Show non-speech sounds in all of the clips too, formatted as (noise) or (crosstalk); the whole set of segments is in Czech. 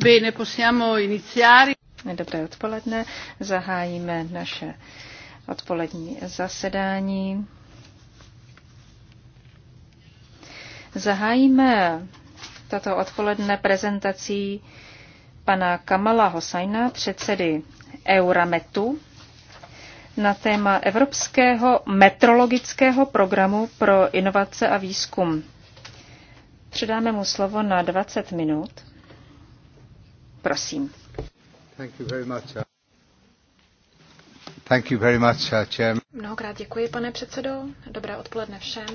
Bene, possiamo iniziare. Dobré odpoledne. Zahájíme naše odpolední zasedání. Zahájíme tato odpoledne prezentací pana Kamala Hosajna, předsedy Eurametu, na téma Evropského metrologického programu pro inovace a výzkum. Předáme mu slovo na 20 minut. Prosím. Thank you very much. Uh, thank you very much, uh, Chair. Mnohokrát děkuji, pane předsedo. Dobré odpoledne všem.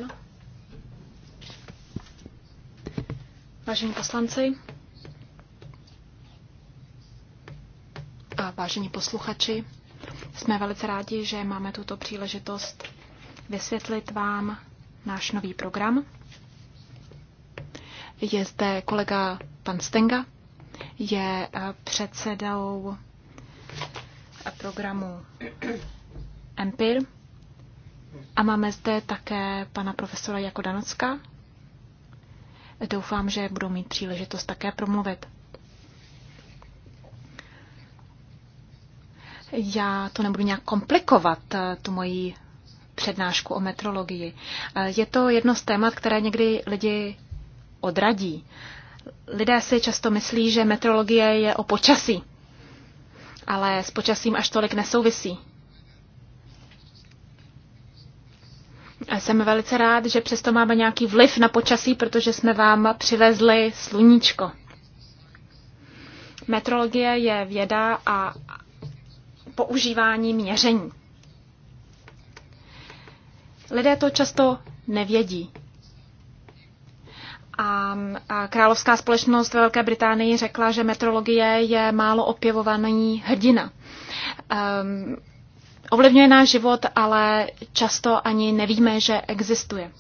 Vážení poslanci a vážení posluchači, jsme velice rádi, že máme tuto příležitost vysvětlit vám náš nový program. Je zde kolega pan Stenga, je eh, předsedou eh, programu Empir. A máme zde také pana profesora Jako Danocka. Doufám, že budou mít příležitost také promluvit. Já to nebudu nějak komplikovat, eh, tu moji přednášku o metrologii. Je to jedno z témat, které někdy lidi odradí. Lidé si často myslí, že metrologie je o počasí, ale s počasím až tolik nesouvisí. A jsem velice rád, že přesto máme nějaký vliv na počasí, protože jsme vám přivezli sluníčko. Metrologie je věda a používání měření. Lidé to často nevědí. A královská společnost ve Velké Británii řekla, že metrologie je málo opěvovaný hrdina. Um, ovlivňuje náš život, ale často ani nevíme, že existuje.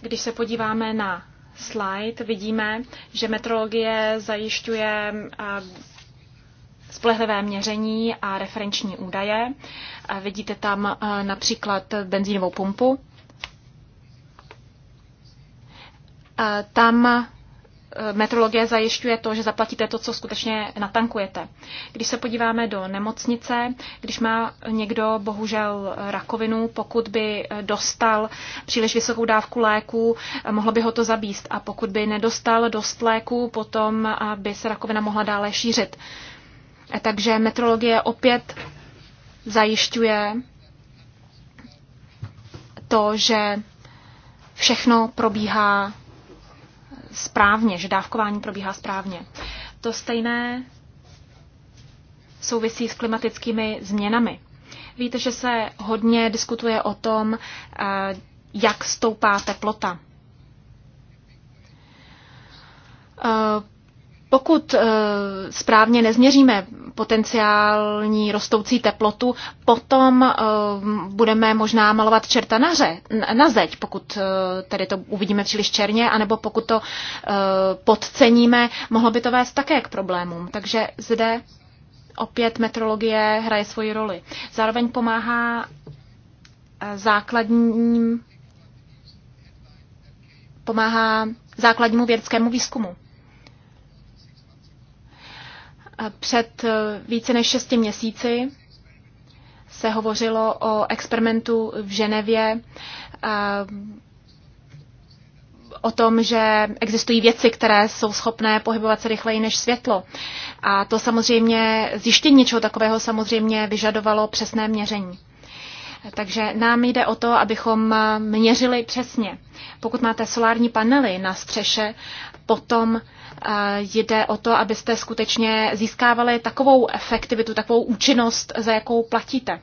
Když se podíváme na slide, vidíme, že metrologie zajišťuje spolehlivé měření a referenční údaje. Vidíte tam například benzínovou pumpu. tam e, metrologie zajišťuje to, že zaplatíte to, co skutečně natankujete. Když se podíváme do nemocnice, když má někdo bohužel rakovinu, pokud by e, dostal příliš vysokou dávku léků, e, mohlo by ho to zabíst. A pokud by nedostal dost léků, potom by se rakovina mohla dále šířit. Takže metrologie opět zajišťuje to, že všechno probíhá správně, že dávkování probíhá správně. To stejné souvisí s klimatickými změnami. Víte, že se hodně diskutuje o tom, eh, jak stoupá teplota. Eh, pokud eh, správně nezměříme potenciální rostoucí teplotu, potom eh, budeme možná malovat čerta na, ře, na zeď, pokud eh, tedy to uvidíme příliš černě, anebo pokud to eh, podceníme, mohlo by to vést také k problémům. Takže zde opět metrologie hraje svoji roli. Zároveň pomáhá základním pomáhá základnímu vědeckému výzkumu. Před eh, více než šesti měsíci se hovořilo o experimentu v Ženevě, eh, o tom, že existují věci, které jsou schopné pohybovat se rychleji než světlo. A to samozřejmě, zjištění něčeho takového samozřejmě vyžadovalo přesné měření. Takže nám jde o to, abychom eh, měřili přesně. Pokud máte solární panely na střeše, potom jde o to, abyste skutečně získávali takovou efektivitu, takovou účinnost, za jakou platíte.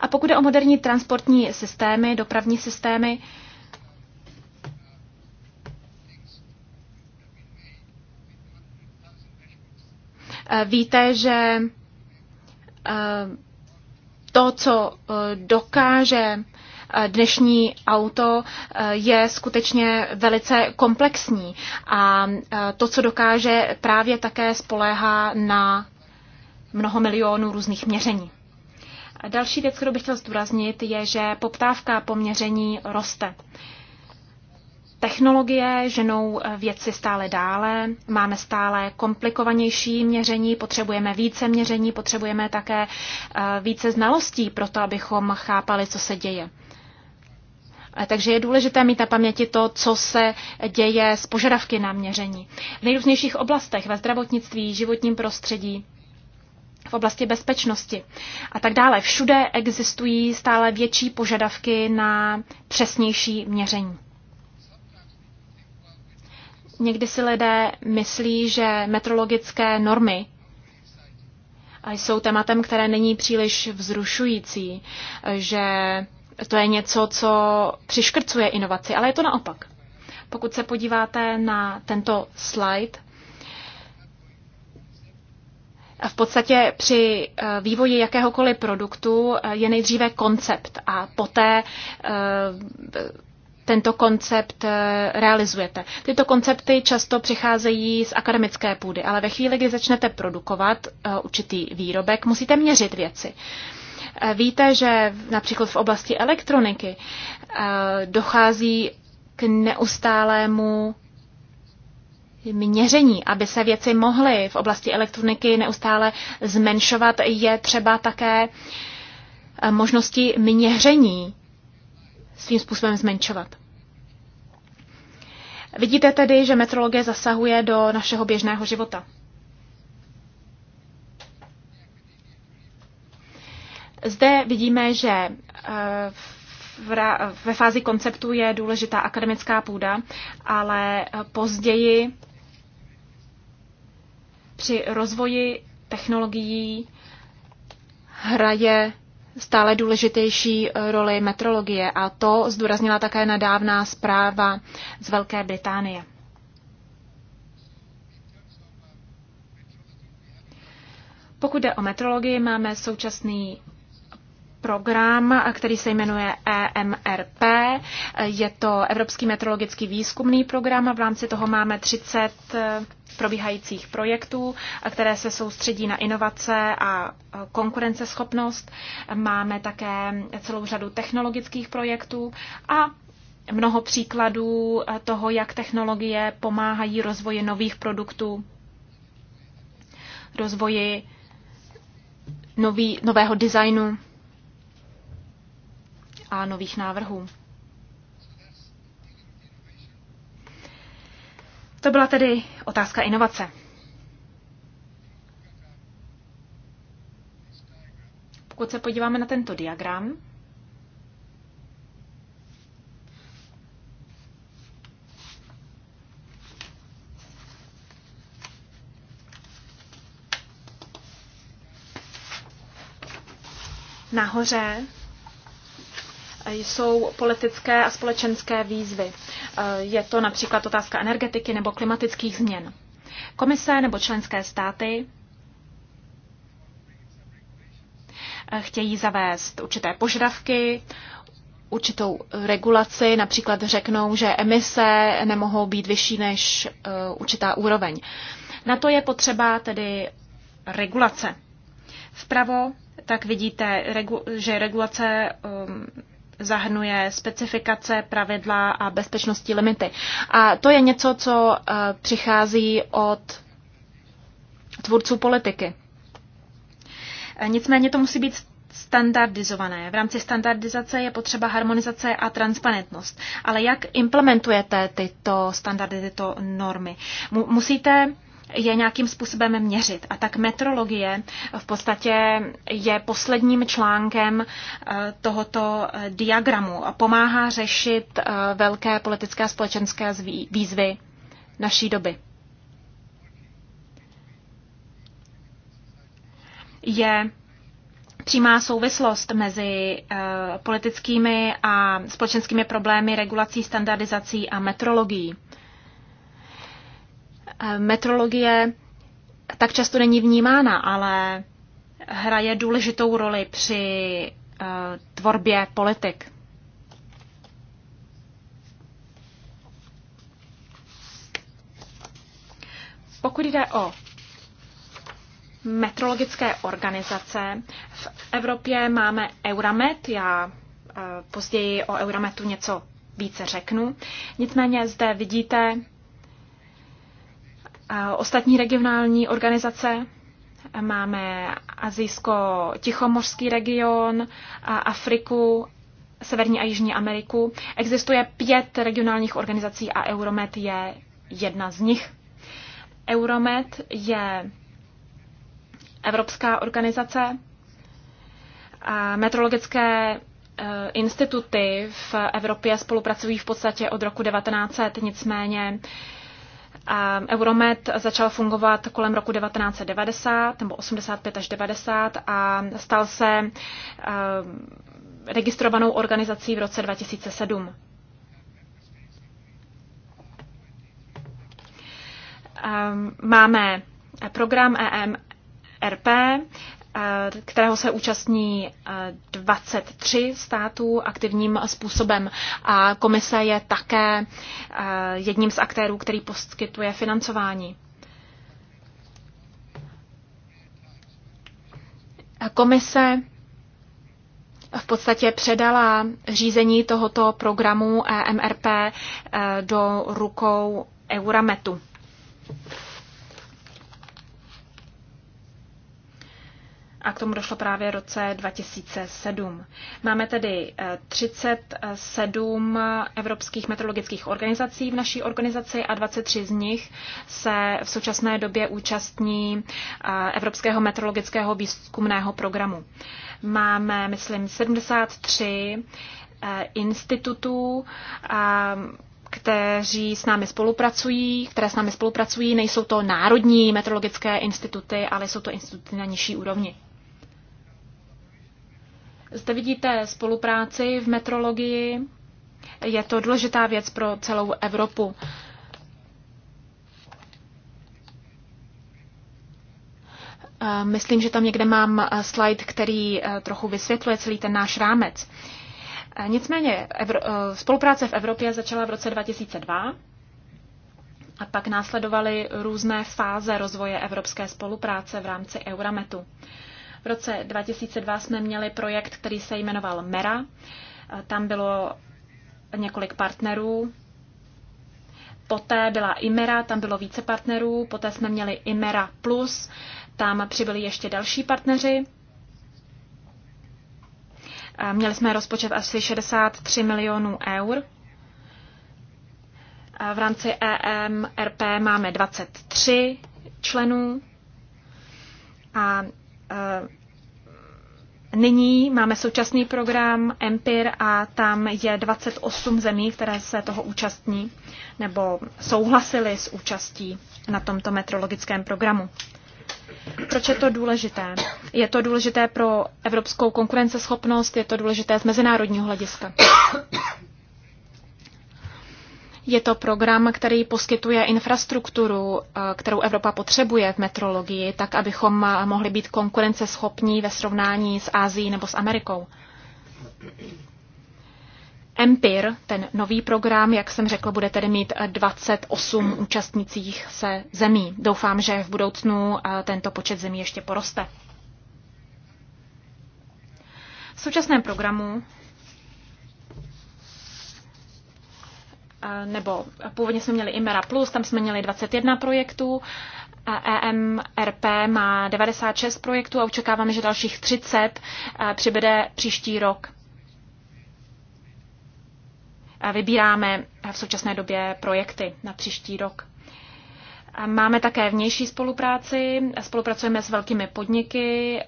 A pokud je o moderní transportní systémy, dopravní systémy, eh, víte, že eh, to, co eh, dokáže Eh, dnešní auto eh, je skutečně velice komplexní a eh, to, co dokáže, právě také spoléhá na mnoho milionů různých měření. Další věc, kterou bych chtěl zdůraznit, je, že poptávka po měření roste. Technologie ženou věci stále dále, máme stále komplikovanější měření, potřebujeme více měření, potřebujeme také více znalostí pro to, abychom chápali, co se děje. Takže je důležité mít na paměti to, co se děje s požadavky na měření. V nejrůznějších oblastech, ve zdravotnictví, životním prostředí, v oblasti bezpečnosti a tak dále. Všude existují stále větší požadavky na přesnější měření. Někdy si lidé myslí, že metrologické normy jsou tématem, které není příliš vzrušující, že to je něco, co přiškrcuje inovaci, ale je to naopak. Pokud se podíváte na tento slide, v podstatě při eh, vývoji jakéhokoliv produktu eh, je nejdříve koncept a poté eh, tento koncept realizujete. Tyto koncepty často přicházejí z akademické půdy, ale ve chvíli, kdy začnete produkovat určitý výrobek, musíte měřit věci. Víte, že například v oblasti elektroniky eh, dochází k neustálému měření, aby se věci mohly v oblasti elektroniky neustále zmenšovat, je třeba také eh, možnosti měření svým způsobem zmenšovat. Vidíte tedy, že metrologie zasahuje do našeho běžného života. Zde vidíme, že eh, ve fázi konceptu je důležitá akademická půda, ale eh, později při rozvoji technologií hraje stále důležitější eh, roli metrologie a to zdůraznila také nadávná zpráva z Velké Británie. Pokud jde o metrologii, máme současný program, který se jmenuje EMRP. Je to Evropský meteorologický výzkumný program a v rámci toho máme 30 eh, probíhajících projektů, eh, které se soustředí na inovace a eh, konkurenceschopnost. Máme také celou řadu technologických projektů a mnoho příkladů toho, jak technologie pomáhají rozvoji nových produktů, rozvoji nový, nového designu a nových návrhů. To byla tedy otázka inovace. Pokud se podíváme na tento diagram, Nahoře jsou politické a společenské výzvy. E, je to například otázka energetiky nebo klimatických změn. Komise nebo členské státy e, chtějí zavést určité požadavky, určitou regulaci, například řeknou, že emise nemohou být vyšší než e, určitá úroveň. Na to je potřeba tedy regulace. Vpravo tak vidíte, že regulace um, zahrnuje specifikace, pravidla a bezpečnostní limity. A to je něco, co eh, přichází od tvůrců politiky. Eh, nicméně to musí být standardizované. V rámci standardizace je potřeba harmonizace a transparentnost. Ale jak implementujete tyto standardy, tyto normy? Musíte je nějakým způsobem měřit. A tak metrologie v podstatě je posledním článkem eh, tohoto eh, diagramu a pomáhá řešit eh, velké politické a společenské výzvy naší doby. Je přímá souvislost mezi politickými a společenskými problémy regulací, standardizací a metrologií metrologie tak často není vnímána, ale hraje důležitou roli při eh, tvorbě politik. Pokud jde o metrologické organizace, v Evropě máme Euramet, já eh, později o Eurametu něco více řeknu. Nicméně zde vidíte ostatní regionální organizace. Máme Azijsko-Tichomořský region, Afriku, Severní a Jižní Ameriku. Existuje pět regionálních organizací a Euromed je jedna z nich. Euromed je evropská organizace, metrologické e, instituty v Evropě spolupracují v podstatě od roku 1900, nicméně Euromed začal fungovat kolem roku 1990 nebo 85 až 90 a stal se eh, registrovanou organizací v roce 2007. Ehm, máme program EMRP, kterého se účastní 23 států aktivním způsobem. A komise je také jedním z aktérů, který poskytuje financování. Komise v podstatě předala řízení tohoto programu e MRP e, do rukou Eurametu. a k tomu došlo právě v roce 2007. Máme tedy 37 eh, evropských meteorologických organizací v naší organizaci a 23 z nich se v současné době účastní eh, Evropského meteorologického výzkumného programu. Máme, myslím, 73 eh, institutů, kteří s námi spolupracují, které s námi spolupracují, nejsou to národní meteorologické instituty, ale jsou to instituty na nižší úrovni. Zde vidíte spolupráci v metrologii. Je to důležitá věc pro celou Evropu. Myslím, že tam někde mám slide, který trochu vysvětluje celý ten náš rámec. Nicméně spolupráce v Evropě začala v roce 2002 a pak následovaly různé fáze rozvoje evropské spolupráce v rámci Eurametu. V roce 2002 jsme měli projekt, který se jmenoval MERA. Tam bylo několik partnerů. Poté byla IMERA, tam bylo více partnerů. Poté jsme měli IMERA Plus, tam přibyli ještě další partneři. Měli jsme rozpočet asi 63 milionů eur. V rámci EMRP máme 23 členů a Eh, nyní máme současný program EMPIR a tam je 28 zemí, které se toho účastní nebo souhlasily s účastí na tomto metrologickém programu. Proč je to důležité? Je to důležité pro evropskou konkurenceschopnost, je to důležité z mezinárodního hlediska. Je to program, který poskytuje infrastrukturu, eh, kterou Evropa potřebuje v metrologii, tak abychom eh, mohli být konkurenceschopní ve srovnání s Ázií nebo s Amerikou. Empir, ten nový program, jak jsem řekl, bude tedy mít 28 eh, účastnících se zemí. Doufám, že v budoucnu tento počet zemí ještě poroste. V současném programu nebo původně jsme měli Imera Plus, tam jsme měli 21 projektů, EMRP má 96 projektů a očekáváme, že dalších 30 přibude příští rok. Vybíráme v současné době projekty na příští rok. Máme také vnější spolupráci, spolupracujeme s velkými podniky,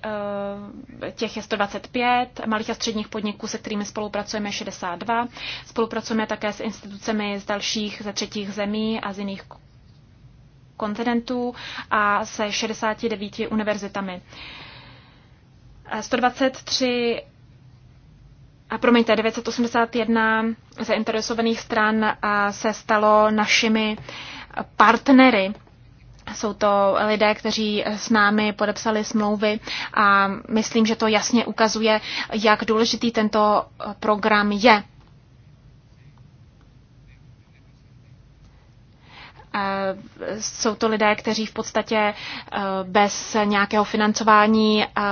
eh, těch je 125, malých a středních podniků, se kterými spolupracujeme 62. Spolupracujeme také s institucemi z dalších, ze třetích zemí a z jiných kontinentů a se 69 univerzitami. 123 a promiňte, 981 zainteresovaných stran se stalo našimi uh, partnery. Jsou to lidé, kteří s námi podepsali smlouvy a myslím, že to jasně ukazuje, jak důležitý tento program je. Eh, jsou to lidé, kteří v podstatě eh, bez nějakého financování eh,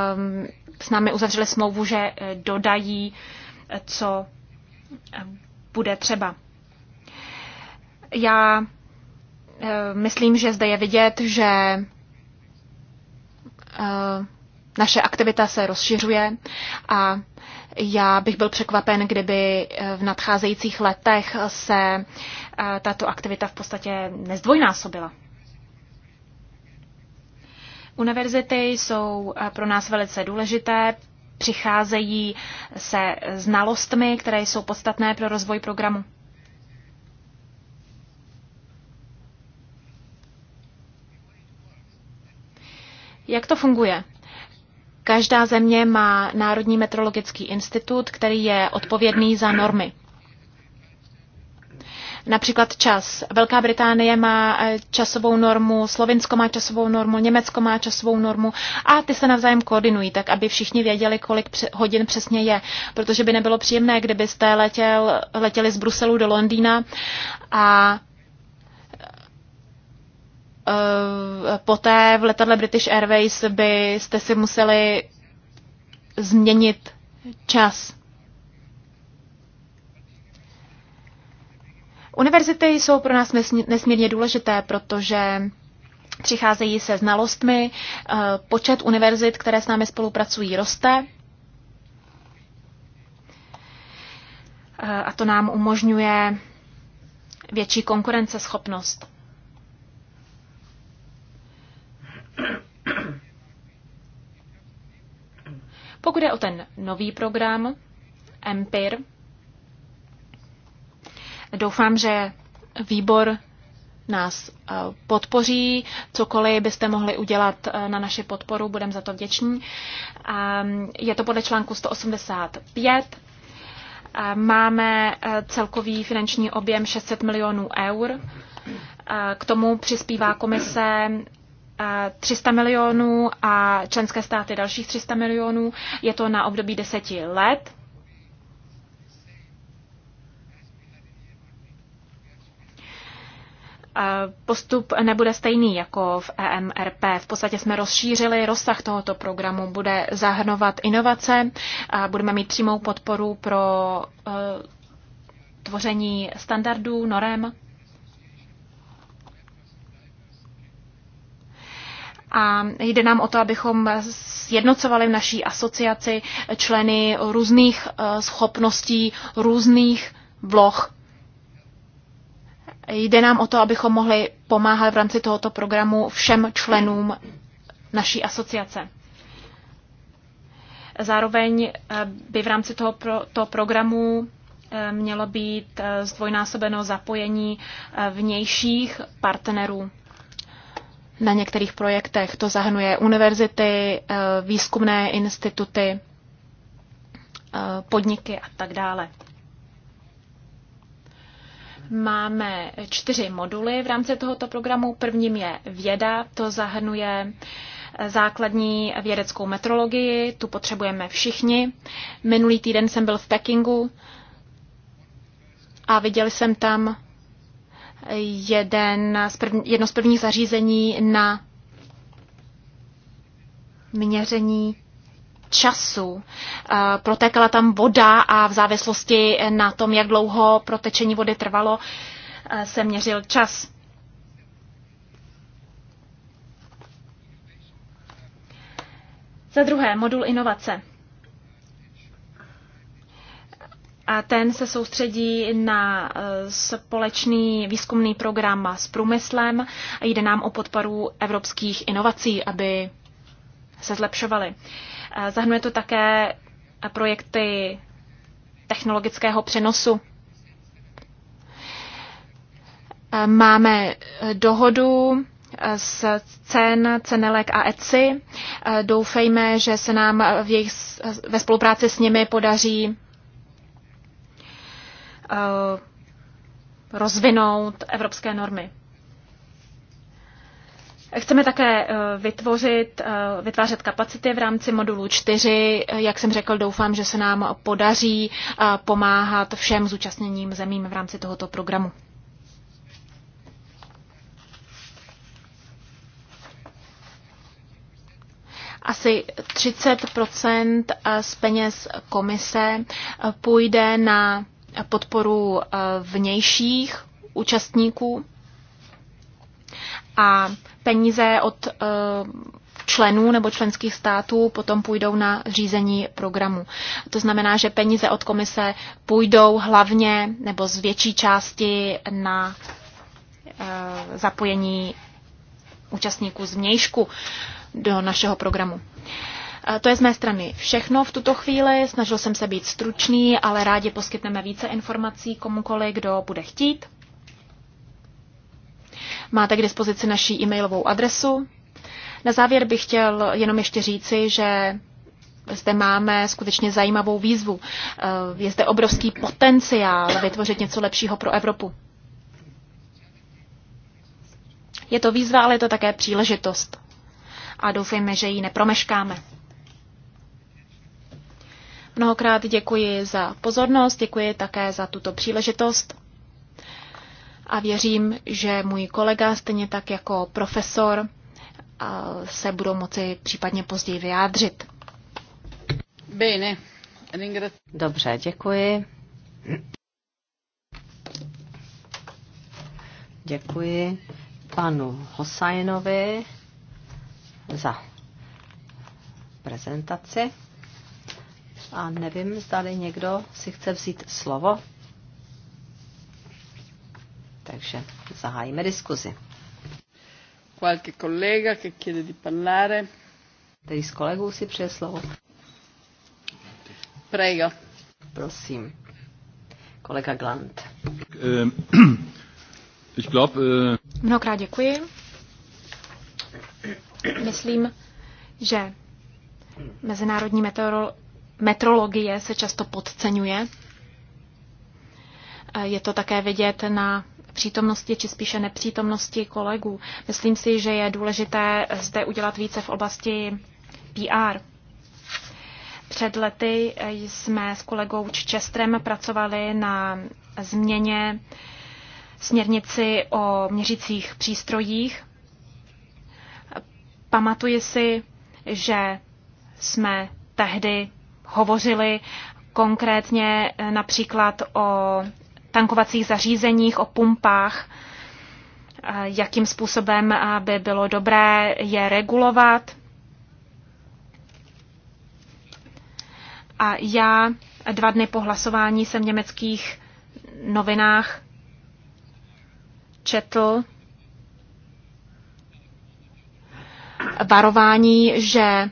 s námi uzavřeli smlouvu, že dodají, co bude třeba. Já Eh, myslím, že zde je vidět, že eh, naše aktivita se rozšiřuje a já bych byl překvapen, kdyby eh, v nadcházejících letech se tato aktivita v podstatě nezdvojnásobila. Univerzity jsou pro nás velice důležité, přicházejí se znalostmi, které jsou podstatné pro rozvoj programu. Jak to funguje? Každá země má Národní metrologický institut, který je odpovědný za normy. Například čas. Velká Británie má eh, časovou normu, Slovinsko má časovou normu, Německo má časovou normu a ty se navzájem koordinují, tak aby všichni věděli, kolik hodin přesně je. Protože by nebylo příjemné, kdybyste letěl, letěli z Bruselu do Londýna a Eh, poté v letadle British Airways byste si museli změnit čas. Univerzity jsou pro nás nesmírně důležité, protože přicházejí se znalostmi, eh, počet univerzit, které s námi spolupracují, roste. Eh, a to nám umožňuje větší konkurenceschopnost. Pokud je o ten nový program, EMPIR, doufám, že výbor nás eh, podpoří. Cokoliv byste mohli udělat eh, na naši podporu, budeme za to vděční. Ehm, je to podle článku 185. Ehm, máme eh, celkový finanční objem 600 milionů eur. Ehm, k tomu přispívá komise 300 milionů a členské státy dalších 300 milionů. Je to na období deseti let. Postup nebude stejný jako v EMRP. V podstatě jsme rozšířili rozsah tohoto programu. Bude zahrnovat inovace, a budeme mít přímou podporu pro eh, tvoření standardů, norem a jde nám o to, abychom sjednocovali v naší asociaci členy různých eh, schopností, různých vloh. Jde nám o to, abychom mohli pomáhat v rámci tohoto programu všem členům naší asociace. Zároveň eh, by v rámci toho, pro, toho programu eh, mělo být zdvojnásobeno zapojení vnějších partnerů na některých projektech. To zahrnuje univerzity, eh, výzkumné instituty, eh, podniky a tak dále. Máme čtyři moduly v rámci tohoto programu. Prvním je věda, to zahrnuje eh, základní vědeckou metrologii, tu potřebujeme všichni. Minulý týden jsem byl v Pekingu a viděl jsem tam jeden z první, jedno z prvních zařízení na měření času. Eh, protékala tam voda a v závislosti na tom, jak dlouho protečení vody trvalo, eh, se měřil čas. Za druhé, modul inovace. A ten se soustředí na e, společný výzkumný program s průmyslem. a Jde nám o podporu evropských inovací, aby se zlepšovaly. E, zahrnuje to také projekty technologického přenosu. E, máme dohodu s CEN, Cenelek a ECI. Doufejme, že se nám v jejich, ve spolupráci s nimi podaří Eh, rozvinout evropské normy. Chceme také eh, vytvořit, eh, vytvářet kapacity v rámci modulu 4. Jak jsem řekl, doufám, že se nám podaří pomáhat všem zúčastněným zemím v rámci tohoto programu. asi 30 z peněz komise půjde na podporu eh, vnějších účastníků a peníze od eh, členů nebo členských států potom půjdou na řízení programu. To znamená, že peníze od komise půjdou hlavně nebo z větší části na eh, zapojení účastníků z vnějšku do našeho programu. To je z mé strany všechno v tuto chvíli. Snažil jsem se být stručný, ale rádi poskytneme více informací komukoli, kdo bude chtít. Máte k dispozici naší e-mailovou adresu. Na závěr bych chtěl jenom ještě říci, že zde máme skutečně zajímavou výzvu. Eh, je zde obrovský potenciál vytvořit něco lepšího pro Evropu. Je to výzva, ale je to také příležitost. A doufejme, že ji nepromeškáme. Mnohokrát děkuji za pozornost, děkuji také za tuto příležitost a věřím, že můj kolega, stejně tak jako profesor, se budou moci případně později vyjádřit. Bene. Dobře, děkuji. Děkuji panu Hosajnovi za prezentaci. A nevím, zdali někdo si chce vzít slovo. Takže zahájíme diskuzi. Qualche collega che chiede di parlare. Který z kolegů si přeje slovo? Prego. Prosím. Kolega Glant. Eh, (clears throat) ich glaub, eh, Mnohokrát děkuji. Myslím, že Mezinárodní meteorol metrologie se často podceňuje. Eh, je to také vidět na přítomnosti či spíše nepřítomnosti kolegů. Myslím si, že je důležité zde udělat více v oblasti PR. Před lety eh, jsme s kolegou Čestrem pracovali na změně směrnici o měřicích přístrojích. Pamatuji si, že jsme tehdy hovořili konkrétně eh, například o tankovacích zařízeních, o pumpách, eh, jakým způsobem eh, by bylo dobré je regulovat. A já dva dny po hlasování jsem v německých novinách četl varování, že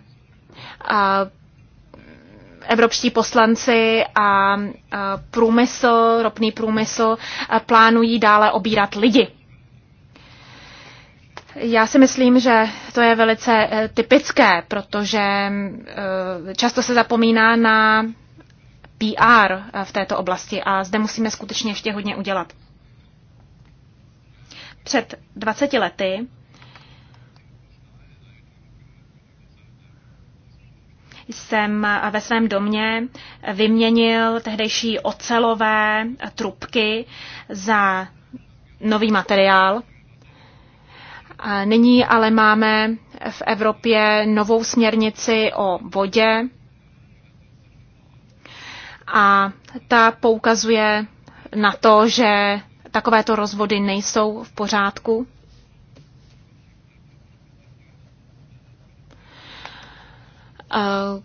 evropští poslanci a průmysl, ropný průmysl plánují dále obírat lidi. Já si myslím, že to je velice e, typické, protože e, často se zapomíná na PR e, v této oblasti a zde musíme skutečně ještě hodně udělat. Před 20 lety jsem ve svém domě vyměnil tehdejší ocelové trubky za nový materiál. Nyní ale máme v Evropě novou směrnici o vodě a ta poukazuje na to, že takovéto rozvody nejsou v pořádku. Eh,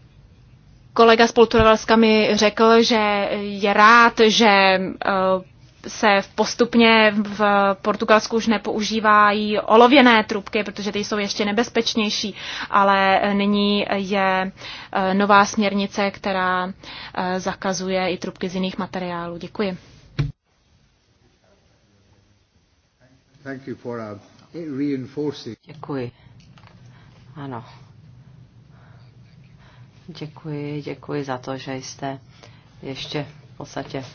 kolega z Polturovalska mi řekl, že je rád, že eh, se postupně v Portugalsku už nepoužívají olověné trubky, protože ty jsou ještě nebezpečnější, ale nyní je eh, nová směrnice, která zakazuje i trubky z jiných materiálů. Děkuji. Uh, Děkuji. Ano, Děkuji, děkuji za to, že jste ještě v podstatě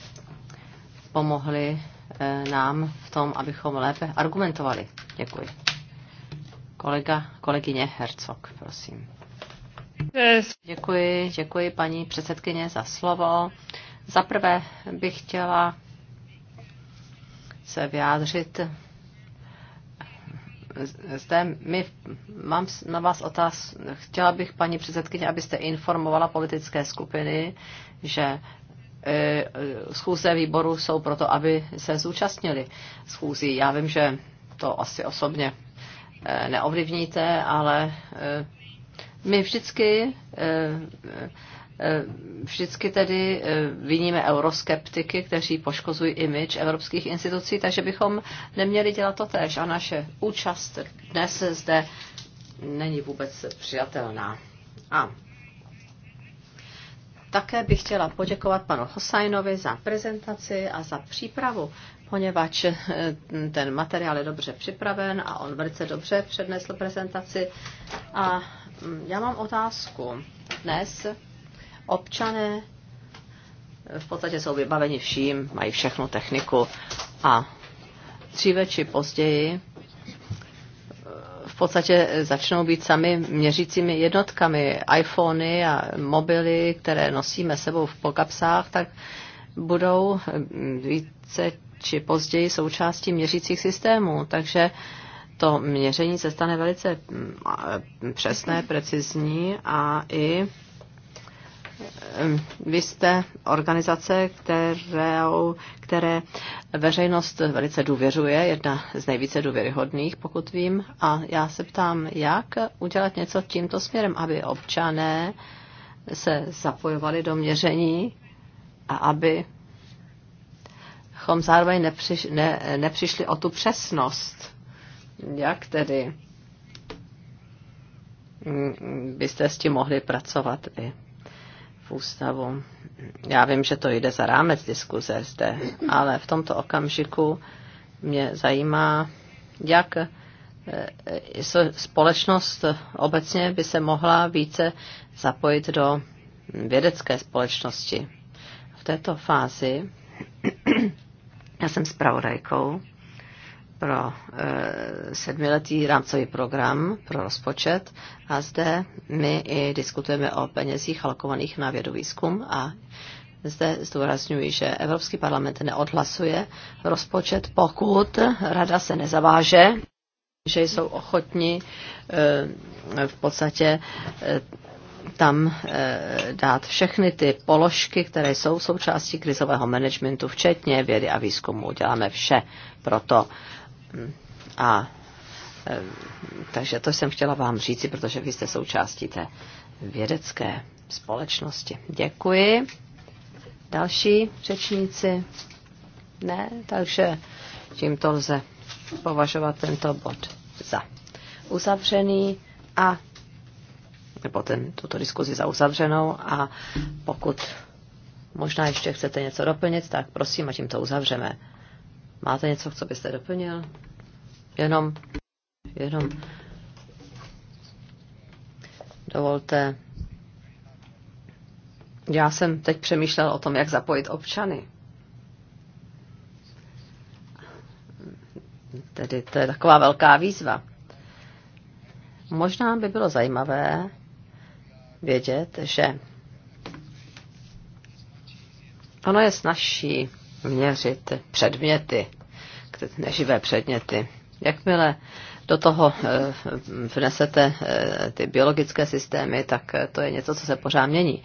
pomohli eh, nám v tom, abychom lépe argumentovali. Děkuji. Kolega, kolegyně Hercog, prosím. Děkuji, děkuji paní předsedkyně za slovo. Za prvé bych chtěla se vyjádřit zde my, mám na vás otáz, chtěla bych paní předsedkyně, abyste informovala politické skupiny, že e, schůze výboru jsou proto, aby se zúčastnili schůzí. Já vím, že to asi osobně e, neovlivníte, ale e, my vždycky Eh, vždycky tedy eh, viníme euroskeptiky, kteří poškozují imič evropských institucí, takže bychom neměli dělat to tež. A naše účast dnes zde není vůbec přijatelná. A také bych chtěla poděkovat panu Hosajnovi za prezentaci a za přípravu, poněvadž eh, ten materiál je dobře připraven a on velice dobře přednesl prezentaci. A mm, já mám otázku. Dnes občané v podstatě jsou vybaveni vším, mají všechnu techniku a dříve či později eh, v podstatě začnou být sami měřícími jednotkami. iPhony a mobily, které nosíme sebou v pokapsách, tak budou hm, více či později součástí měřících systémů. Takže to měření se stane velice hm, hm, přesné, precizní a i Ehm, vy jste organizace, kterou, které veřejnost velice důvěřuje, jedna z nejvíce důvěryhodných, pokud vím. A já se ptám, jak udělat něco tímto směrem, aby občané se zapojovali do měření a aby chom zároveň nepřiš, ne, nepřišli o tu přesnost. Jak tedy mm, mm, byste s tím mohli pracovat i? v ústavu. Já vím, že to jde za rámec diskuze zde, ale v tomto okamžiku mě zajímá, jak eh, společnost obecně by se mohla více zapojit do vědecké společnosti. V této fázi já jsem zpravodajkou pro eh, sedmiletý rámcový program pro rozpočet a zde my i diskutujeme o penězích alokovaných na vědu výzkum a zde zdůrazňuji, že Evropský parlament neodhlasuje rozpočet, pokud rada se nezaváže, že jsou ochotni eh, v podstatě eh, tam dát všechny ty položky, které jsou součástí krizového managementu, včetně vědy a výzkumu. Děláme vše pro to. A e, takže to jsem chtěla vám říci, protože vy jste součástí té vědecké společnosti. Děkuji. Další řečníci? Ne, takže tímto lze považovat tento bod za uzavřený a nebo ten, tuto diskuzi za uzavřenou a pokud možná ještě chcete něco doplnit, tak prosím a tím to uzavřeme. Máte něco, co byste doplnil? Jenom, jenom dovolte. Já jsem teď přemýšlel o tom, jak zapojit občany. Tedy to je taková velká výzva. Možná by bylo zajímavé vědět, že ono je snažší měřit předměty, neživé předměty. Jakmile do toho eh, vnesete eh, ty biologické systémy, tak eh, to je něco, co se pořád mění.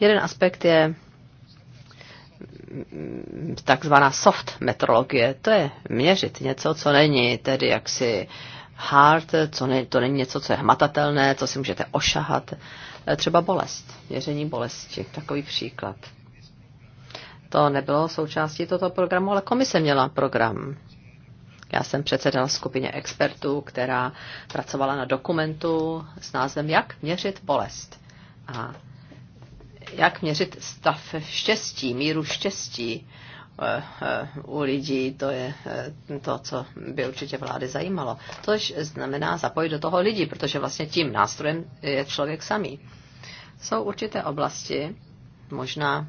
Jeden aspekt je mm, mm, takzvaná soft metrologie. To je měřit něco, co není tedy jaksi hard, co ne, to není něco, co je hmatatelné, co si můžete ošahat. Třeba bolest, měření bolesti, takový příklad to nebylo součástí tohoto programu, ale komise měla program. Já jsem předsedal skupině expertů, která pracovala na dokumentu s názvem Jak měřit bolest. A jak měřit stav štěstí, míru štěstí eh, eh, u lidí, to je eh, to, co by určitě vlády zajímalo. Tož znamená zapojit do toho lidi, protože vlastně tím nástrojem je člověk samý. Jsou určité oblasti, možná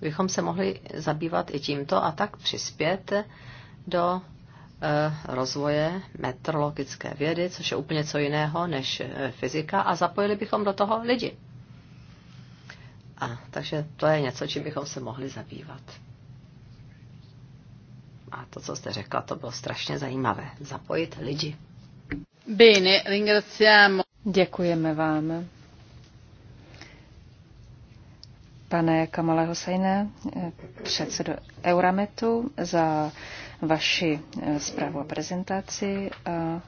bychom se mohli zabývat i tímto a tak přispět do eh, rozvoje metrologické vědy, což je úplně co jiného než eh, fyzika, a zapojili bychom do toho lidi. A, takže to je něco, čím bychom se mohli zabývat. A to, co jste řekla, to bylo strašně zajímavé. Zapojit lidi. Bene, ringraziamo. Děkujeme vám. pane Kamale Hosejne, předsedo Eurametu, za vaši eh, zprávu a prezentaci. A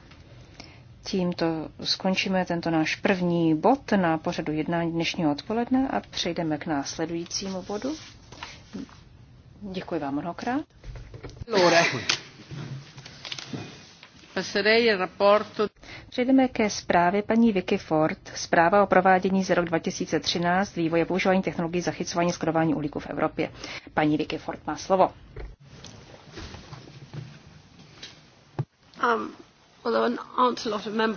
tímto skončíme tento náš první bod na pořadu jednání dnešního odpoledne a přejdeme k následujícímu bodu. Děkuji vám mnohokrát. Lure. Passerei il rapporto Přejdeme ke zprávě paní Vicky Ford, zpráva o provádění za rok 2013 vývoje používání technologií zachycování skladování uhlíku v Evropě. Paní Vicky Ford má slovo. Um, well,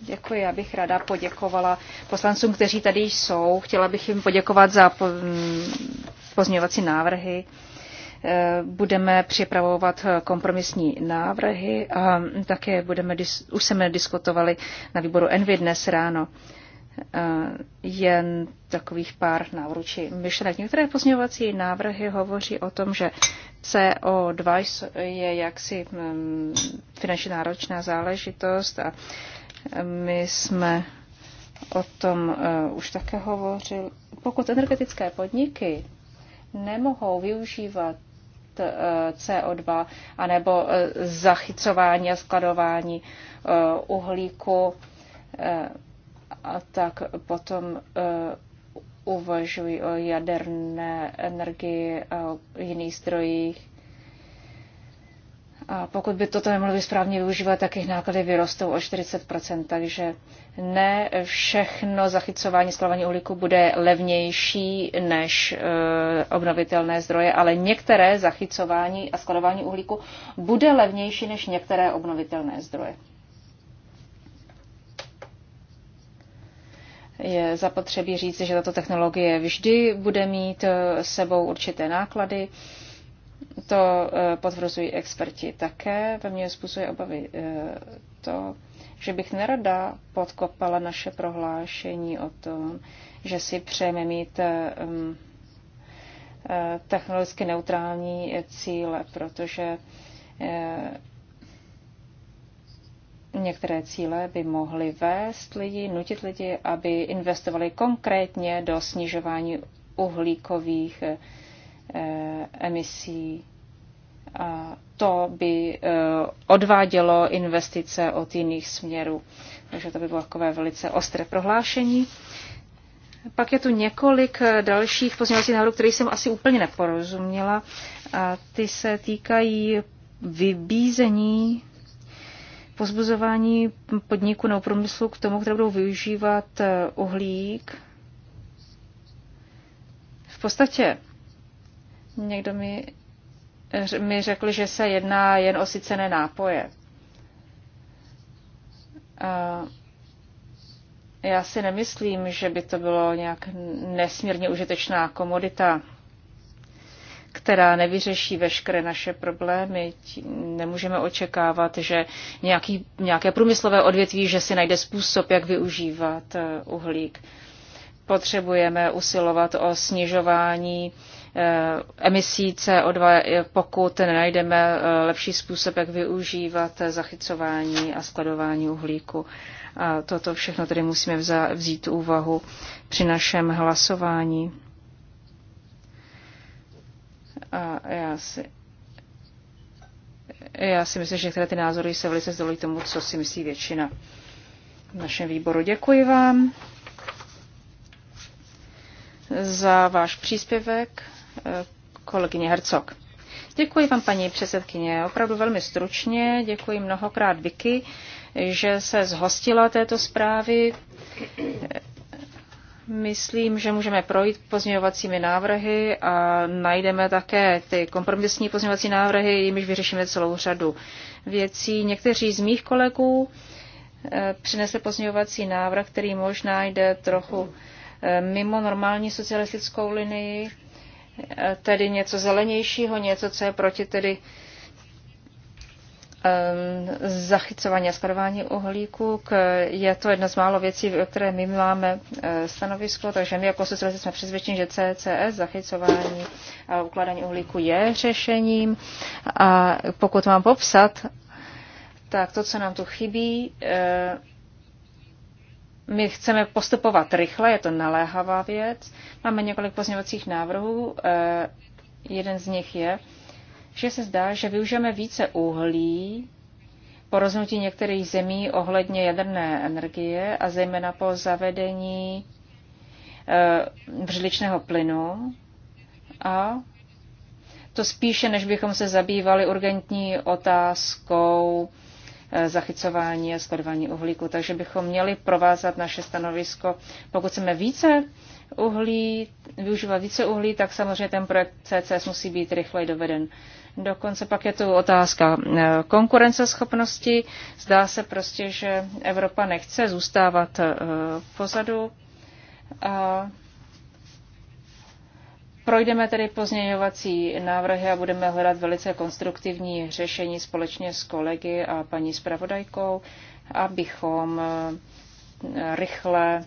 Děkuji, já bych ráda poděkovala poslancům, kteří tady jsou. Chtěla bych jim poděkovat za mm, pozměňovací návrhy. Eh, budeme připravovat eh, kompromisní návrhy a hm, také budeme, už jsme diskutovali na výboru Envy dnes ráno eh, jen takových pár návrhů či myšlenek. Některé pozměňovací návrhy hovoří o tom, že CO2 je jaksi hm, finančně náročná záležitost a hm, my jsme o tom už také hovořili. Pokud energetické podniky nemohou využívat Eh, CO2, anebo eh, zachycování a skladování eh, uhlíku, a tak potom uvažuji o jaderné energii a jiných zdrojích a pokud by toto nemohli správně využívat, tak jejich náklady vyrostou o 40 takže ne všechno zachycování skladování uhlíku bude levnější než e, obnovitelné zdroje, ale některé zachycování a skladování uhlíku bude levnější než některé obnovitelné zdroje. Je zapotřebí říct, že tato technologie vždy bude mít e, sebou určité náklady. E, to eh, potvrzují experti také. Ve mně způsobuje obavy eh, to, že bych nerada podkopala naše prohlášení o tom, že si přejeme mít eh, mm, technologicky neutrální cíle, protože některé cíle by mohly vést lidi, nutit lidi, aby investovali konkrétně do snižování uhlíkových Eh, emisí. A to by eh, odvádělo investice od jiných směrů. Takže to by bylo takové velice ostré prohlášení. Pak je tu několik eh, dalších pozměňovacích návrhů, které jsem asi úplně neporozuměla. A ty se týkají vybízení pozbuzování podniků nebo průmyslu k tomu, které budou využívat uhlík. V podstatě Někdo mi, mi řekl, že se jedná jen o sycené nápoje. Já si nemyslím, že by to bylo nějak nesmírně užitečná komodita, která nevyřeší veškeré naše problémy. Nemůžeme očekávat, že nějaký, nějaké průmyslové odvětví, že si najde způsob, jak využívat eh, uhlík. Potřebujeme usilovat o snižování Eh, emisí CO2, pokud nenajdeme eh, lepší způsob, jak využívat zachycování a skladování uhlíku. A toto všechno tedy musíme vzít úvahu při našem hlasování. A já si, já si myslím, že některé ty názory se velice zdolují tomu, co si myslí většina v našem výboru. Děkuji vám za váš příspěvek kolegyně Hercog. Děkuji vám, paní předsedkyně. Opravdu velmi stručně. Děkuji mnohokrát Vicky, že se zhostila této zprávy. Myslím, že můžeme projít pozměňovacími návrhy a najdeme také ty kompromisní pozměňovací návrhy, jimiž vyřešíme celou řadu věcí. Někteří z mých kolegů eh, přinesli pozměňovací návrh, který možná jde trochu eh, mimo normální socialistickou linii tedy něco zelenějšího, něco, co je proti tedy zachycování a skladování uhlíku. Je to jedna z málo věcí, o které my máme e, stanovisko, takže my jako socialisti jsme přesvědčeni, že CCS, zachycování a ukládání uhlíku je řešením. A pokud mám popsat, tak to, co nám tu chybí, e, my chceme postupovat rychle, je to naléhavá věc. Máme několik pozměňovacích návrhů. Eh, jeden z nich je, že se zdá, že využijeme více uhlí po roznutí některých zemí ohledně jaderné energie a zejména po zavedení eh, břidličného plynu a to spíše, než bychom se zabývali urgentní otázkou Eh, zachycování a skladování uhlíku. Takže bychom měli provázat naše stanovisko. Pokud chceme více uhlí, využívat více uhlí, tak samozřejmě ten projekt CCS musí být rychleji doveden. Dokonce pak je tu otázka eh, konkurenceschopnosti. Zdá se prostě, že Evropa nechce zůstávat eh, pozadu. A Projdeme tedy pozměňovací návrhy a budeme hledat velice konstruktivní řešení společně s kolegy a paní zpravodajkou, abychom eh, rychle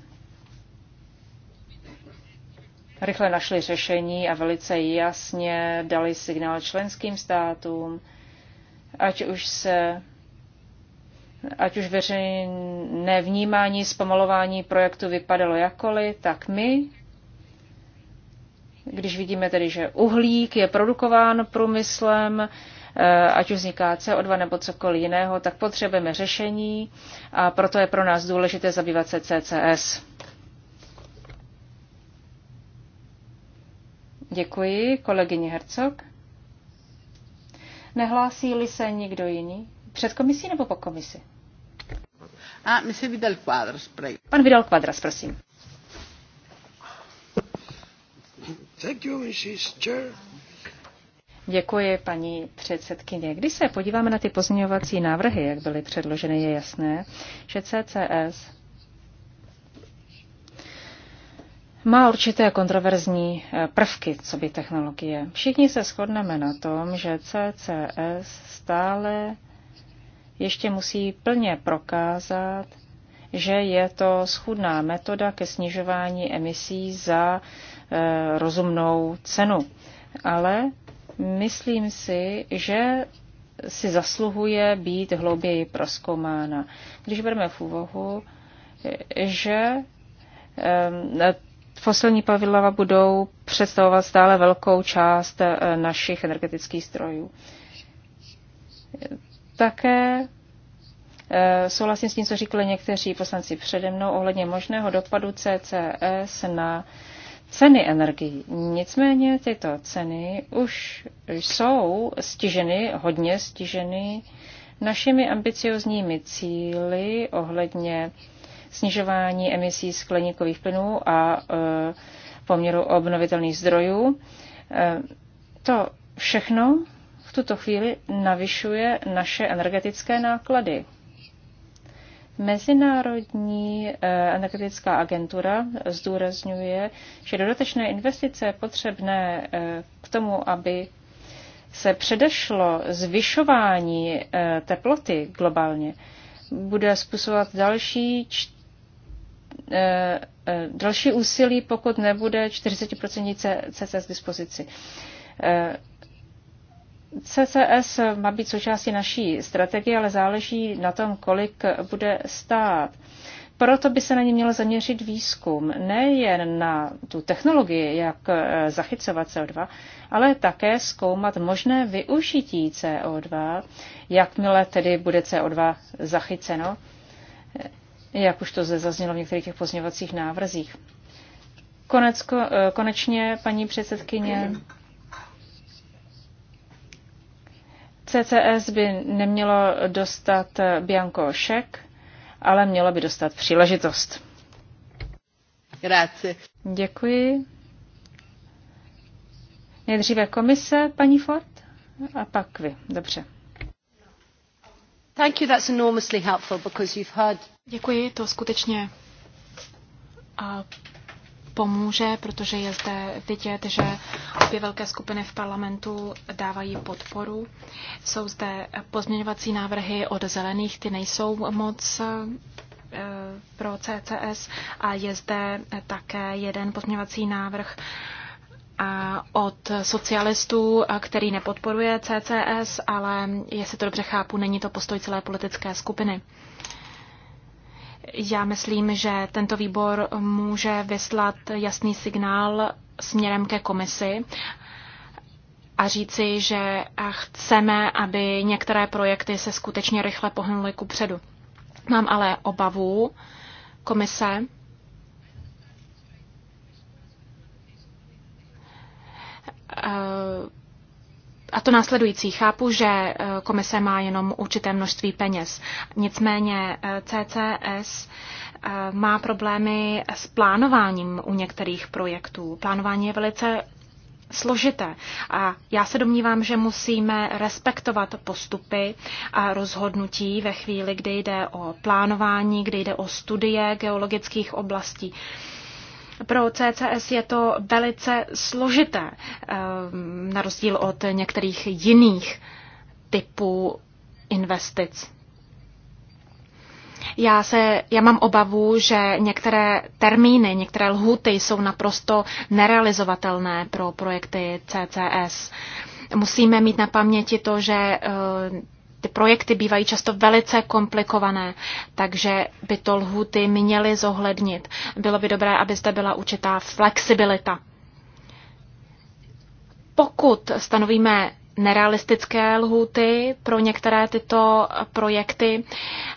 rychle našli řešení a velice jasně dali signál členským státům, ať už se ať už veřejné vnímání, zpomalování projektu vypadalo jakoli, tak my když vidíme tedy, že uhlík je produkován průmyslem, eh, ať už vzniká CO2 nebo cokoliv jiného, tak potřebujeme řešení a proto je pro nás důležité zabývat se CCS. Děkuji, kolegyně Hercog. Nehlásí-li se nikdo jiný? Před komisí nebo po komisi? Ah, Pan Vidal Quadras, prosím. Děkuji, paní předsedkyně. Když se podíváme na ty pozměňovací návrhy, jak byly předloženy, je jasné, že CCS má určité kontroverzní eh, prvky, co by technologie. Všichni se shodneme na tom, že CCS stále ještě musí plně prokázat, že je to schudná metoda ke snižování emisí za Eh, rozumnou cenu. Ale myslím si, že si zasluhuje být hlouběji proskoumána. Když bereme v úvahu, eh, že eh, fosilní pavidla budou představovat stále velkou část našich energetických strojů. Také souhlasím s tím, co říkali někteří poslanci přede mnou ohledně možného dopadu CCS na ceny energií. Nicméně tyto ceny už jsou stiženy, hodně stiženy našimi ambiciozními cíly ohledně snižování emisí skleníkových plynů a e, poměru obnovitelných zdrojů. E, to všechno v tuto chvíli navyšuje naše energetické náklady. Mezinárodní eh, energetická agentura zdůrazňuje, že dodatečné investice potřebné eh, k tomu, aby se předešlo zvyšování eh, teploty globálně, bude způsobovat další, další úsilí, pokud nebude 40% CCS k dispozici. CCS má být součástí naší strategie, ale záleží na tom, kolik bude stát. Proto by se na ně mělo zaměřit výzkum, nejen na tu technologii, jak eh, zachycovat CO2, ale také zkoumat možné využití CO2, jakmile tedy bude CO2 zachyceno, eh, jak už to zde zaznělo v některých těch pozměňovacích návrzích. Konecko, eh, konečně, paní předsedkyně, CCS by nemělo dostat Bianco šek, ale mělo by dostat příležitost. Grazie. Děkuji. Nejdříve komise, paní Ford, a pak vy. Dobře. Thank you, that's enormously helpful because you've heard... Děkuji, to skutečně a pomůže, protože je zde vidět, že obě velké skupiny v parlamentu dávají podporu. Jsou zde pozměňovací návrhy od zelených, ty nejsou moc eh, pro CCS a je zde také jeden pozměňovací návrh eh, od socialistů, eh, který nepodporuje CCS, ale jestli to dobře chápu, není to postoj celé politické skupiny. Já myslím, že tento výbor může vyslat jasný signál směrem ke komisi a říci, že chceme, aby některé projekty se skutečně rychle pohnuly kupředu. Mám ale obavu komise, a to následující. Chápu, že eh, komise má jenom určité množství peněz. Nicméně eh, CCS eh, má problémy s plánováním u některých projektů. Plánování je velice složité. A já se domnívám, že musíme respektovat postupy a rozhodnutí ve chvíli, kdy jde o plánování, kdy jde o studie geologických oblastí. Pro CCS je to velice složité, ehm, na rozdíl od některých jiných typů investic. Já, se, já mám obavu, že některé termíny, některé lhuty jsou naprosto nerealizovatelné pro projekty CCS. Musíme mít na paměti to, že ehm, ty projekty bývají často velice komplikované, takže by to lhuty měly zohlednit. Bylo by dobré, aby zde byla určitá flexibilita. Pokud stanovíme nerealistické lhuty pro některé tyto projekty.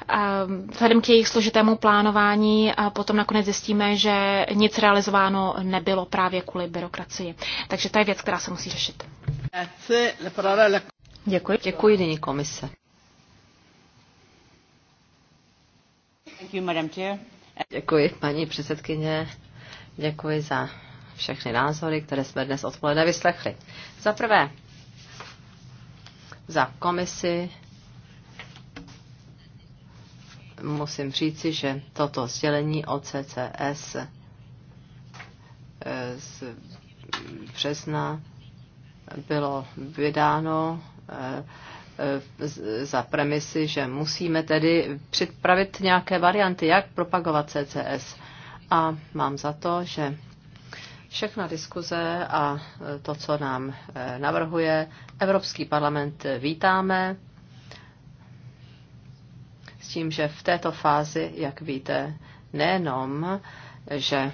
Ehm, vzhledem k jejich složitému plánování a potom nakonec zjistíme, že nic realizováno nebylo právě kvůli byrokracii. Takže to je věc, která se musí řešit. Děkuji. Děkuji nyní komise. Děkuji, paní předsedkyně. Děkuji za všechny názory, které jsme dnes odpoledne vyslechli. Za prvé, za komisi musím říci, že toto sdělení o CCS eh, z března bylo vydáno za premisy, že musíme tedy připravit nějaké varianty, jak propagovat CCS. A mám za to, že všechna diskuze a to, co nám eh, navrhuje Evropský parlament, vítáme s tím, že v této fázi, jak víte, nejenom, že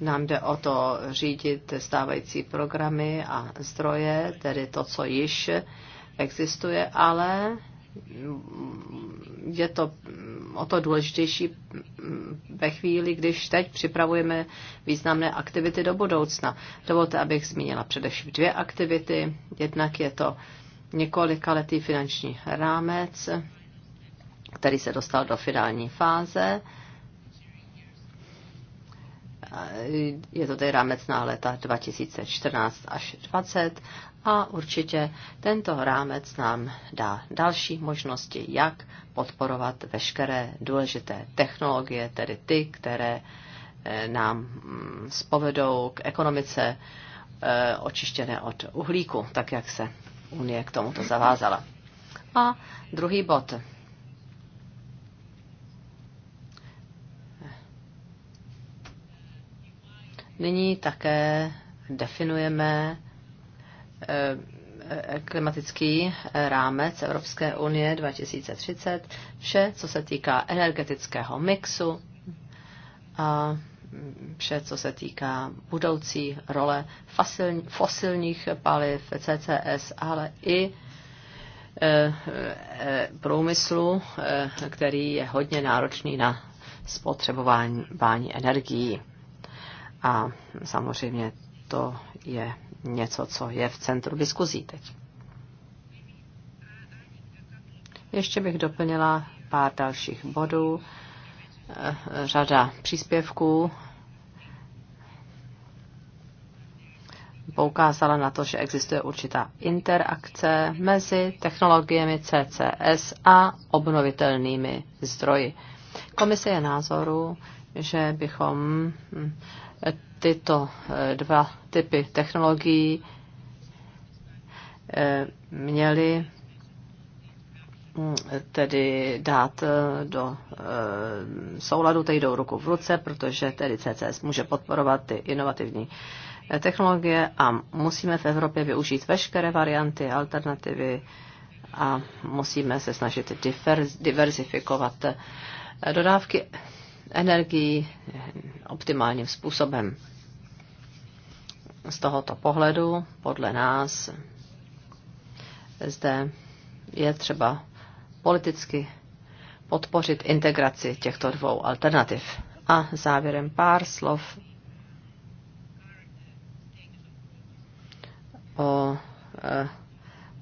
nám jde o to řídit stávající programy a zdroje, tedy to, co již existuje, ale je to o to důležitější ve chvíli, když teď připravujeme významné aktivity do budoucna. Dovolte, abych zmínila především dvě aktivity. Jednak je to několikaletý finanční rámec, který se dostal do finální fáze E, je to tedy rámec na leta 2014 až 2020 a určitě tento rámec nám dá další možnosti, jak podporovat veškeré důležité technologie, tedy ty, které e, nám mm, spovedou k ekonomice e, očištěné od uhlíku, tak jak se Unie k tomuto zavázala. A druhý bod Nyní také definujeme eh, klimatický eh, rámec Evropské unie 2030, vše, co se týká energetického mixu a vše, co se týká budoucí role fosilních paliv, CCS, ale i eh, průmyslu, který je hodně náročný na spotřebování energií. A samozřejmě to je něco, co je v centru diskuzí teď. Ještě bych doplnila pár dalších bodů, eh, řada příspěvků. Poukázala na to, že existuje určitá interakce mezi technologiemi CCS a obnovitelnými zdroji. Komise je názoru, že bychom hm, tyto eh, dva typy technologií eh, měly mm, tedy dát eh, do souladu, tedy jdou ruku v ruce, protože tedy CCS může podporovat ty inovativní technologie a musíme v Evropě využít veškeré varianty, alternativy a musíme se snažit diverzifikovat dodávky energii optimálním způsobem. Z tohoto pohledu, podle nás, zde je třeba politicky podpořit integraci těchto dvou alternativ. A závěrem pár slov o e,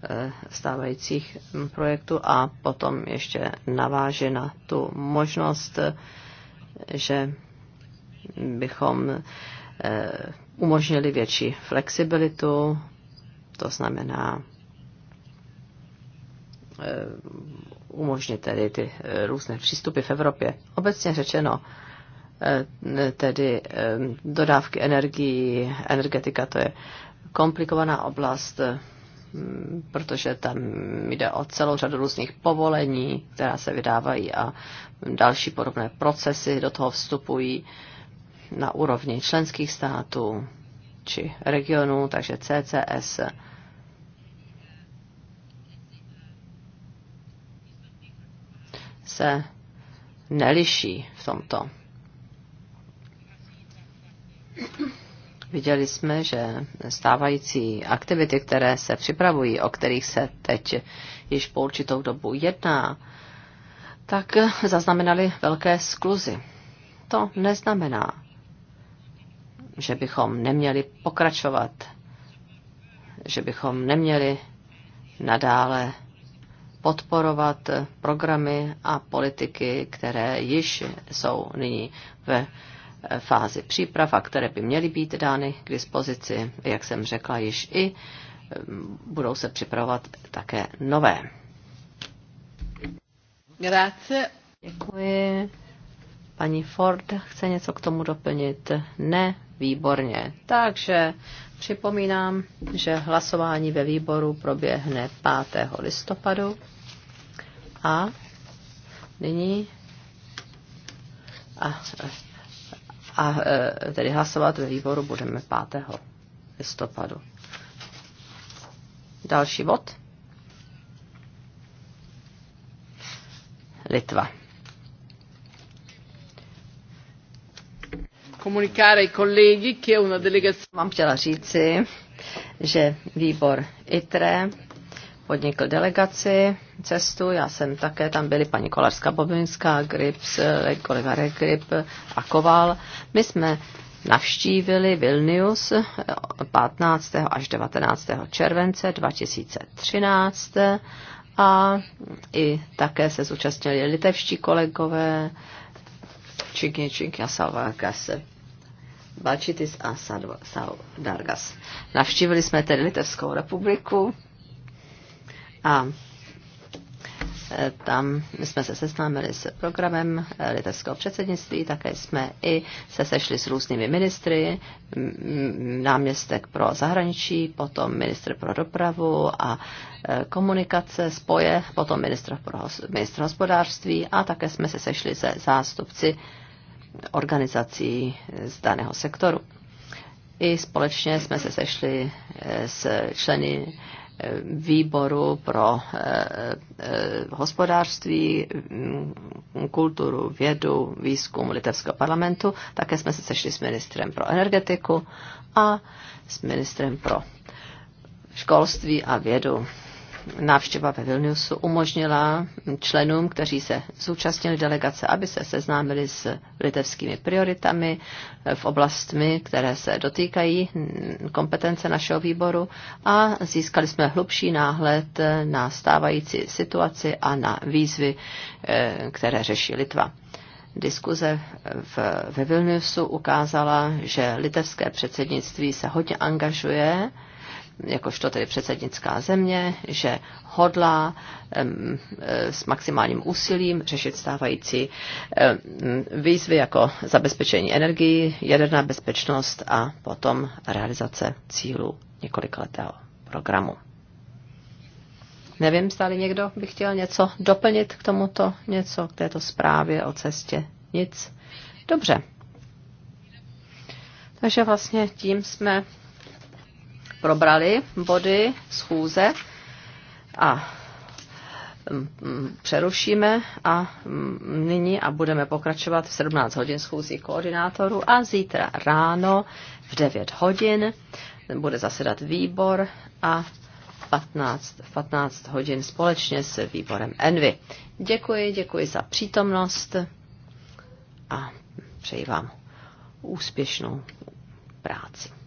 e, stávajících projektů a potom ještě naváže na tu možnost že bychom eh, umožnili větší flexibilitu, to znamená eh, umožnit tedy ty eh, různé přístupy v Evropě. Obecně řečeno, tedy dodávky energií, energetika, to je komplikovaná oblast, protože tam jde o celou řadu různých povolení, která se vydávají a další podobné procesy do toho vstupují na úrovni členských států či regionů, takže CCS se neliší v tomto. Viděli jsme, že stávající aktivity, které se připravují, o kterých se teď již po určitou dobu jedná, tak zaznamenali velké skluzy. To neznamená, že bychom neměli pokračovat, že bychom neměli nadále podporovat programy a politiky, které již jsou nyní ve fázi příprav a které by měly být dány k dispozici, jak jsem řekla již i, e, budou se připravovat také nové. Grazie. Děkuji. Paní Ford chce něco k tomu doplnit? Ne, výborně. Takže připomínám, že hlasování ve výboru proběhne 5. listopadu. A nyní a a e, tedy hlasovat ve výboru budeme 5. listopadu. Další bod. Litva. Komunikáre kolegy, colleghi una delegace... Vám chtěla říci, že výbor ITRE podnikl delegaci cestu. Já jsem také, tam byli paní Kolarská Bobinská, Grips, kolega eh, Regrip a Koval. My jsme navštívili Vilnius 15. Eh, až 19. července 2013 a i také se zúčastnili litevští kolegové Čigni Činkia Salvagas, Balčitis a Saudargas. Navštívili jsme tedy Litevskou republiku a tam jsme se seznámili s programem litevského předsednictví, také jsme i se sešli s různými ministry, náměstek pro zahraničí, potom ministr pro dopravu a e, komunikace, spoje, potom ministr, pro, ministr hospodářství a také jsme se sešli se zástupci organizací z daného sektoru. I společně jsme se sešli e, s členy výboru pro eh, eh, hospodářství, kulturu, vědu, výzkum litevského parlamentu. Také jsme se sešli s ministrem pro energetiku a s ministrem pro školství a vědu návštěva ve Vilniusu umožnila členům, kteří se zúčastnili delegace, aby se seznámili s litevskými prioritami v oblastmi, které se dotýkají kompetence našeho výboru a získali jsme hlubší náhled na stávající situaci a na výzvy, eh, které řeší Litva. Diskuze v, ve Vilniusu ukázala, že litevské předsednictví se hodně angažuje jakožto tedy předsednická země, že hodlá eh, s maximálním úsilím řešit stávající eh, výzvy jako zabezpečení energii, jaderná bezpečnost a potom realizace cílů několikletého programu. Nevím, zda někdo by chtěl něco doplnit k tomuto, něco k této zprávě o cestě. Nic. Dobře. Takže vlastně tím jsme probrali body schůze a mm, mm, přerušíme a mm, nyní a budeme pokračovat v 17 hodin schůzí koordinátorů a zítra ráno v 9 hodin bude zasedat výbor a 15, 15 hodin společně s výborem Envy. Děkuji, děkuji za přítomnost a přeji vám úspěšnou práci.